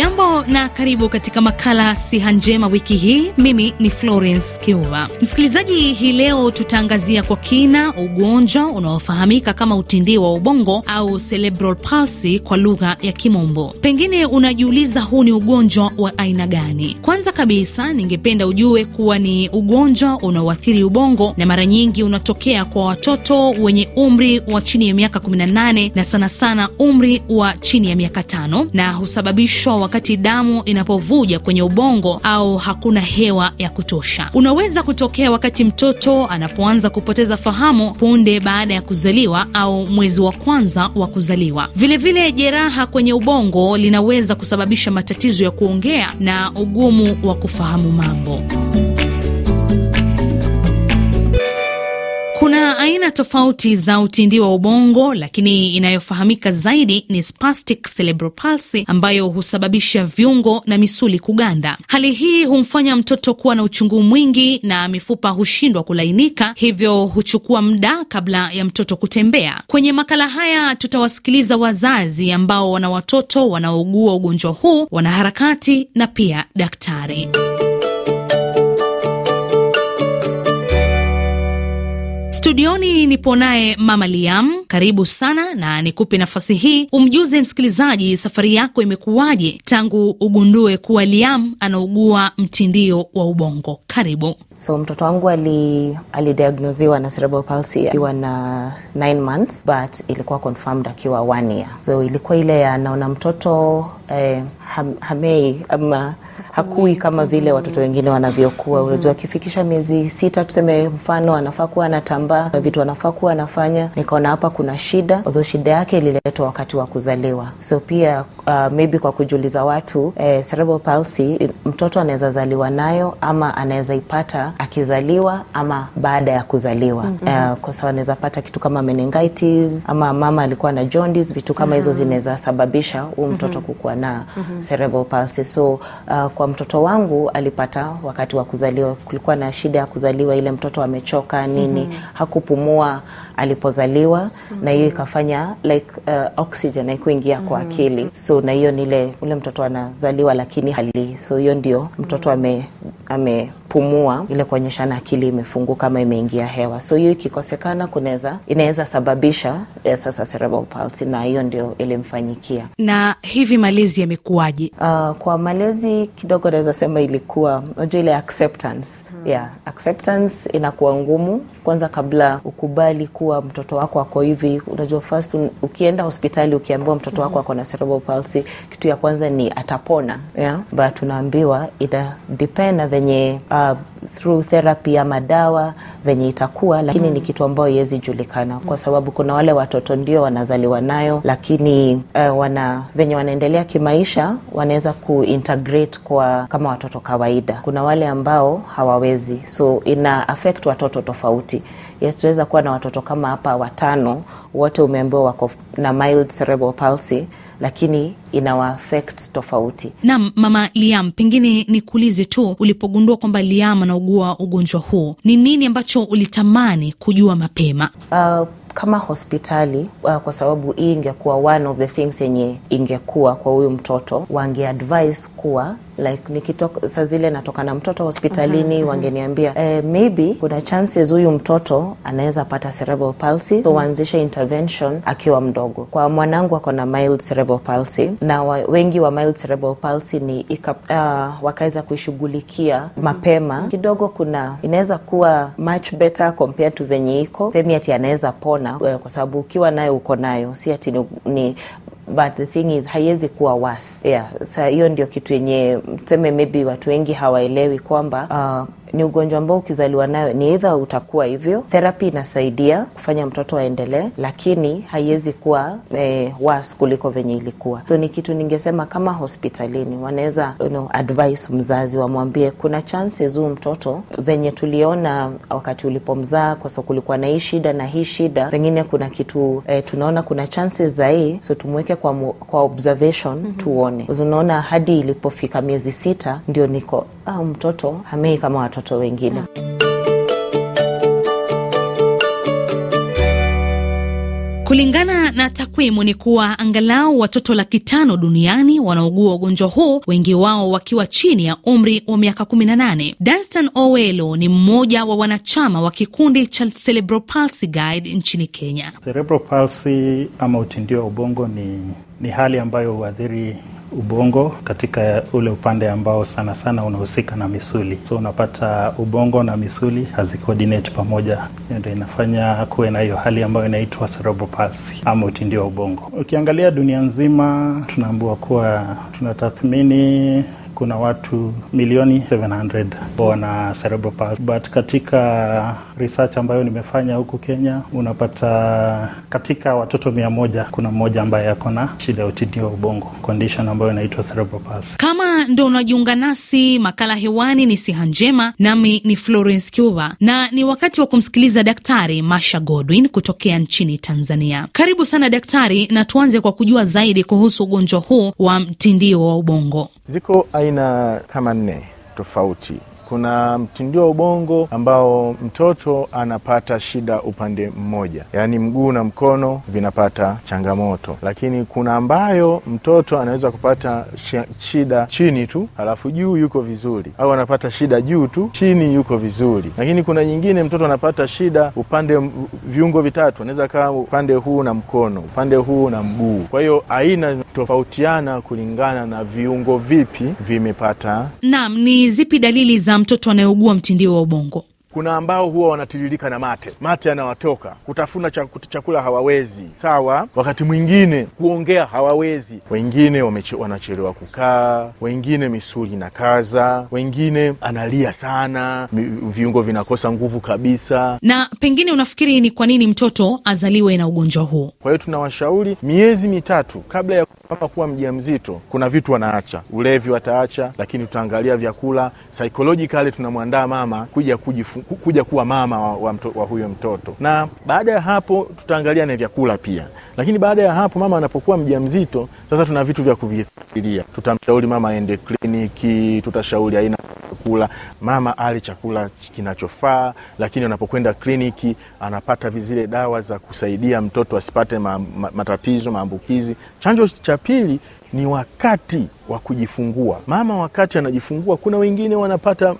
tiempo na karibu katika makala siha njema wiki hii. Mimi ni Florence Kiuva. Msikilizaji, hii leo tutaangazia kwa kina ugonjwa unaofahamika kama utindi wa ubongo au cerebral palsy kwa lugha ya Kimombo. Pengine unajiuliza huu ni ugonjwa wa aina gani? Kwanza kabisa, ningependa ujue kuwa ni ugonjwa unaoathiri ubongo na mara nyingi unatokea kwa watoto wenye umri wa chini ya miaka 18 na sana sana umri wa chini ya miaka tano na husababishwa wakati damu inapovuja kwenye ubongo au hakuna hewa ya kutosha. Unaweza kutokea wakati mtoto anapoanza kupoteza fahamu punde baada ya kuzaliwa au mwezi wa kwanza wa kuzaliwa. Vilevile vile jeraha kwenye ubongo linaweza kusababisha matatizo ya kuongea na ugumu wa kufahamu mambo. aina tofauti za utindi wa ubongo, lakini inayofahamika zaidi ni spastic cerebral palsy ambayo husababisha viungo na misuli kuganda. Hali hii humfanya mtoto kuwa na uchungu mwingi na mifupa hushindwa kulainika, hivyo huchukua muda kabla ya mtoto kutembea. Kwenye makala haya tutawasikiliza wazazi ambao wana watoto wanaougua ugonjwa huu, wanaharakati na pia daktari. Studioni nipo naye Mama Liam karibu sana na nikupe nafasi hii umjuze msikilizaji safari yako imekuwaje tangu ugundue kuwa Liam anaugua mtindio wa ubongo. Karibu. So mtoto wangu alidiagnoziwa ali na cerebral palsy akiwa na 9 months but ilikuwa confirmed akiwa 1 year. So ilikuwa ile anaona mtoto eh, ham, hamei ama hakui kama vile watoto wengine wanavyokuwa. Mm-hmm. Unajua, akifikisha miezi sita tuseme, mfano anafaa kuwa anatambaa, vitu anafaa kuwa anafanya, nikaona hapa kuna shida, although shida yake ililetwa wakati wa kuzaliwa. So pia uh, maybe kwa kujuliza watu eh, cerebral palsy mtoto anaweza zaliwa nayo ama anaweza ipata akizaliwa ama baada ya kuzaliwa mm -hmm. uh, kwa sababu anaweza pata kitu kama meningitis ama mama alikuwa na jondis vitu kama hizo mm -hmm. zinaweza sababisha huu mm-hmm. mtoto mm -hmm. kukuwa na mm -hmm. cerebral palsy. So uh, kwa mtoto wangu alipata wakati wa kuzaliwa, kulikuwa na shida ya kuzaliwa, ile mtoto amechoka nini, mm -hmm. hakupumua alipozaliwa mm -hmm. na hiyo ikafanya like uh, oxygen haikuingia mm -hmm. kwa mm-hmm. akili, so na hiyo nile ule mtoto anazaliwa lakini hali, so hiyo ndio mtoto mm-hmm. ame, ame kupumua, ile kuonyeshana akili imefunguka ama imeingia hewa. So hiyo ikikosekana, kunaweza inaweza sababisha eh, sasa cerebral palsy, na hiyo ndio ilimfanyikia. Na hivi malezi yamekuwaje? Uh, kwa malezi kidogo naweza sema ilikuwa najua ile acceptance hmm. yeah, acceptance inakuwa ngumu kwanza, kabla ukubali kuwa mtoto wako ako hivi. Unajua first un, ukienda hospitali ukiambiwa mtoto wako hmm. ako na cerebral palsy, kitu ya kwanza ni atapona yeah? But unaambiwa ita depend na venye uh, uh, through therapy ama dawa venye itakuwa, lakini mm. ni kitu ambayo iwezi julikana kwa sababu kuna wale watoto ndio wanazaliwa nayo, lakini uh, wana venye wanaendelea kimaisha wanaweza kuintegrate kwa kama watoto kawaida. Kuna wale ambao hawawezi, so ina affect watoto tofauti yes, tunaweza kuwa na watoto kama hapa watano, wote umeambiwa wako na mild cerebral palsy lakini inawa tofauti. nam Mama Liam, pengine nikuulize tu, ulipogundua kwamba Liam anaugua ugonjwa huo, ni nini ambacho ulitamani kujua mapema? Uh, kama hospitali uh, kwa sababu hii ingekuwa one of the things yenye ingekuwa kwa huyu mtoto, wangeadvise kuwa like nikitoka saa zile natoka na mtoto hospitalini mm -hmm. wangeniambia uh, maybe kuna chances huyu mtoto anaweza pata cerebral palsy so waanzishe mhm. intervention akiwa mdogo. Kwa mwanangu ako na mild cerebral palsy na wa, wengi wa mild cerebral palsy ni uh, wakaweza kuishughulikia mm -hmm. mapema mhm. kidogo, kuna inaweza kuwa much better compared to venye iko sehemu, ati anaweza pona eh, kwa sababu ukiwa nayo uko nayo, si ati ni, ni but the thing is haiwezi kuwa worse. Yeah, sa hiyo ndio kitu yenye tuseme maybe watu wengi hawaelewi kwamba uh, ni ugonjwa ambao ukizaliwa nayo ni eidha utakuwa hivyo. Therapy inasaidia kufanya mtoto aendelee, lakini haiwezi kuwa eh, e, was kuliko venye ilikuwa. So ni kitu ningesema kama hospitalini wanaweza you know, advise mzazi wamwambie, kuna chances huu mtoto venye tuliona wakati ulipomzaa, kwa sababu kulikuwa na hii shida na hii shida, pengine kuna kitu e, tunaona kuna chances za hii, so tumweke kwa, kwa observation mm -hmm. Tuone unaona hadi ilipofika miezi sita ndio niko ah, mtoto hamei kama watoto watoto wengine. Kulingana na takwimu ni kuwa angalau watoto laki tano duniani wanaogua ugonjwa huu, wengi wao wakiwa chini ya umri wa miaka 18. Danstan Owelo ni mmoja wa wanachama wa kikundi cha celebropalsy Guide nchini Kenya. celebropalsy ama utindio wa ubongo ni, ni hali ambayo huathiri ubongo katika ule upande ambao sana sana unahusika na misuli. So unapata ubongo na misuli hazicoordinate pamoja, ndio inafanya kuwe na hiyo hali ambayo inaitwa cerebral palsy ama utindio wa ubongo. Ukiangalia dunia nzima, tunaambua kuwa tunatathmini kuna watu milioni 700 wana cerebral palsy, but katika research ambayo nimefanya huku Kenya unapata katika watoto mia moja kuna mmoja ambaye ako na shida ya utindio wa ubongo, condition ambayo inaitwa cerebral palsy. Kama ndo unajiunga nasi, makala hewani ni siha njema, nami ni Florence cuva na ni wakati wa kumsikiliza Daktari Masha Godwin kutokea nchini Tanzania. Karibu sana daktari, na tuanze kwa kujua zaidi kuhusu ugonjwa huu wa mtindio wa ubongo. Ziko aina kama nne tofauti kuna mtindio wa ubongo ambao mtoto anapata shida upande mmoja, yaani mguu na mkono vinapata changamoto, lakini kuna ambayo mtoto anaweza kupata shida chini tu halafu juu yuko vizuri, au anapata shida juu tu chini yuko vizuri. Lakini kuna nyingine mtoto anapata shida upande, viungo vitatu, anaweza kaa upande huu na mkono, upande huu na mguu. Kwa hiyo aina tofautiana kulingana na viungo vipi vimepata. Naam, ni zipi dalili za mtoto anayeugua mtindio wa ubongo. Kuna ambao huwa wanatiririka na mate, mate yanawatoka, kutafuna chakula hawawezi, sawa. Wakati mwingine kuongea hawawezi, wengine wanachelewa kukaa, wengine misuli na kaza, wengine analia sana, viungo vinakosa nguvu kabisa. Na pengine unafikiri ni kwa nini mtoto azaliwe na ugonjwa huo Kwa hiyo tunawashauri miezi mitatu kabla ya mama kuwa mzito kuna vitu wanaacha, ulevi wataacha, lakini tutaangalia vyakula, psychologically tunamwandaa mama kuja kujifu kuja kuwa mama wa, wa, mto, wa huyo mtoto. Na baada ya hapo tutaangalia na vyakula pia, lakini baada ya hapo mama anapokuwa mjamzito sasa, tuna vitu vya kuvifikiria. Tutamshauri mama aende kliniki, tutashauri aina kula mama ali chakula kinachofaa, lakini anapokwenda kliniki anapata zile dawa za kusaidia mtoto asipate ma, ma, matatizo maambukizi. Chanjo cha pili ni wakati wa kujifungua. Mama wakati anajifungua, kuna wengine wanapata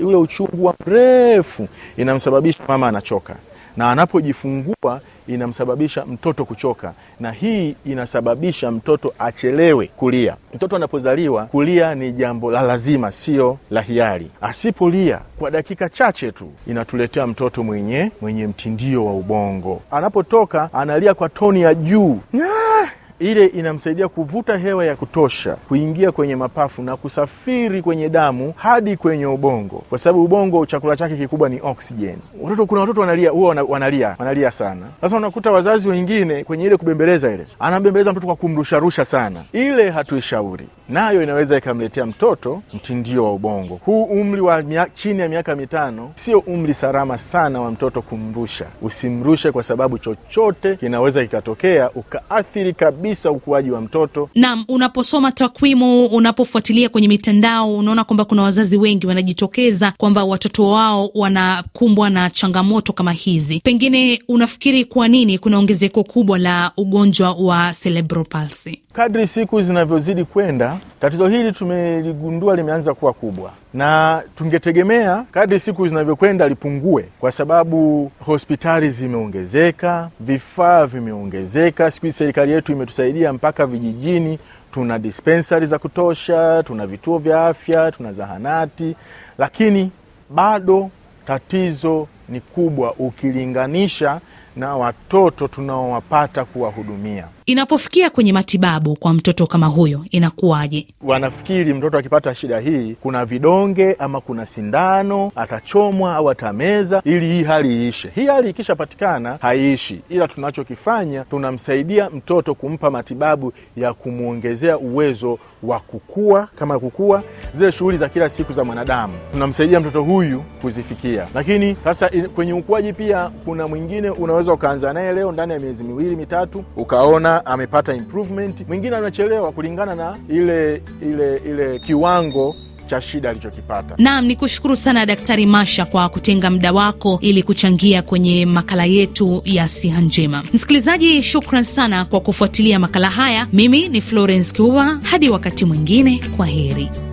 ule uchungu wa mrefu inamsababisha mama anachoka, na anapojifungua inamsababisha mtoto kuchoka, na hii inasababisha mtoto achelewe kulia. Mtoto anapozaliwa kulia ni jambo la lazima, sio la hiari. Asipolia kwa dakika chache tu, inatuletea mtoto mwenye mwenye mtindio wa ubongo. Anapotoka analia kwa toni ya juu ah! ile inamsaidia kuvuta hewa ya kutosha kuingia kwenye mapafu na kusafiri kwenye damu hadi kwenye ubongo, kwa sababu ubongo chakula chake kikubwa ni oksijeni. Watoto, kuna watoto wanalia, huwa wanalia, wanalia sana. Sasa unakuta wazazi wengine kwenye ile kubembeleza, ile anambembeleza mtoto kwa kumrusharusha sana, ile hatuishauri nayo inaweza ikamletea mtoto mtindio wa ubongo. Huu umri wa mia, chini ya miaka mitano sio umri salama sana wa mtoto kumrusha. Usimrushe kwa sababu chochote kinaweza kikatokea ukaathiri kabisa kabisa ukuaji wa mtoto. Naam, unaposoma takwimu, unapofuatilia kwenye mitandao, unaona kwamba kuna wazazi wengi wanajitokeza kwamba watoto wao wanakumbwa na changamoto kama hizi. Pengine unafikiri kwa nini kuna ongezeko kubwa la ugonjwa wa cerebral palsy? Kadri siku zinavyozidi kwenda, tatizo hili tumeligundua limeanza kuwa kubwa na tungetegemea kadri siku zinavyokwenda lipungue, kwa sababu hospitali zimeongezeka, vifaa vimeongezeka. Siku hizi serikali yetu imetusaidia mpaka vijijini, tuna dispensari za kutosha, tuna vituo vya afya, tuna zahanati, lakini bado tatizo ni kubwa ukilinganisha na watoto tunaowapata kuwahudumia. Inapofikia kwenye matibabu kwa mtoto kama huyo inakuwaje? Wanafikiri mtoto akipata shida hii kuna vidonge ama kuna sindano atachomwa au atameza ili hii hali iishe. Hii hali ikishapatikana haiishi, ila tunachokifanya tunamsaidia mtoto kumpa matibabu ya kumwongezea uwezo wa kukua kama kukua zile shughuli za kila siku za mwanadamu, tunamsaidia mtoto huyu kuzifikia. Lakini sasa kwenye ukuaji pia kuna mwingine unaweza ukaanza naye leo, ndani ya miezi miwili mitatu ukaona amepata improvement. Mwingine anachelewa kulingana na ile ile ile kiwango cha shida alichokipata. Naam, ni kushukuru sana Daktari Masha kwa kutenga muda wako ili kuchangia kwenye makala yetu ya Siha Njema. Msikilizaji, shukran sana kwa kufuatilia makala haya. Mimi ni Florence Kiuva, hadi wakati mwingine, kwa heri.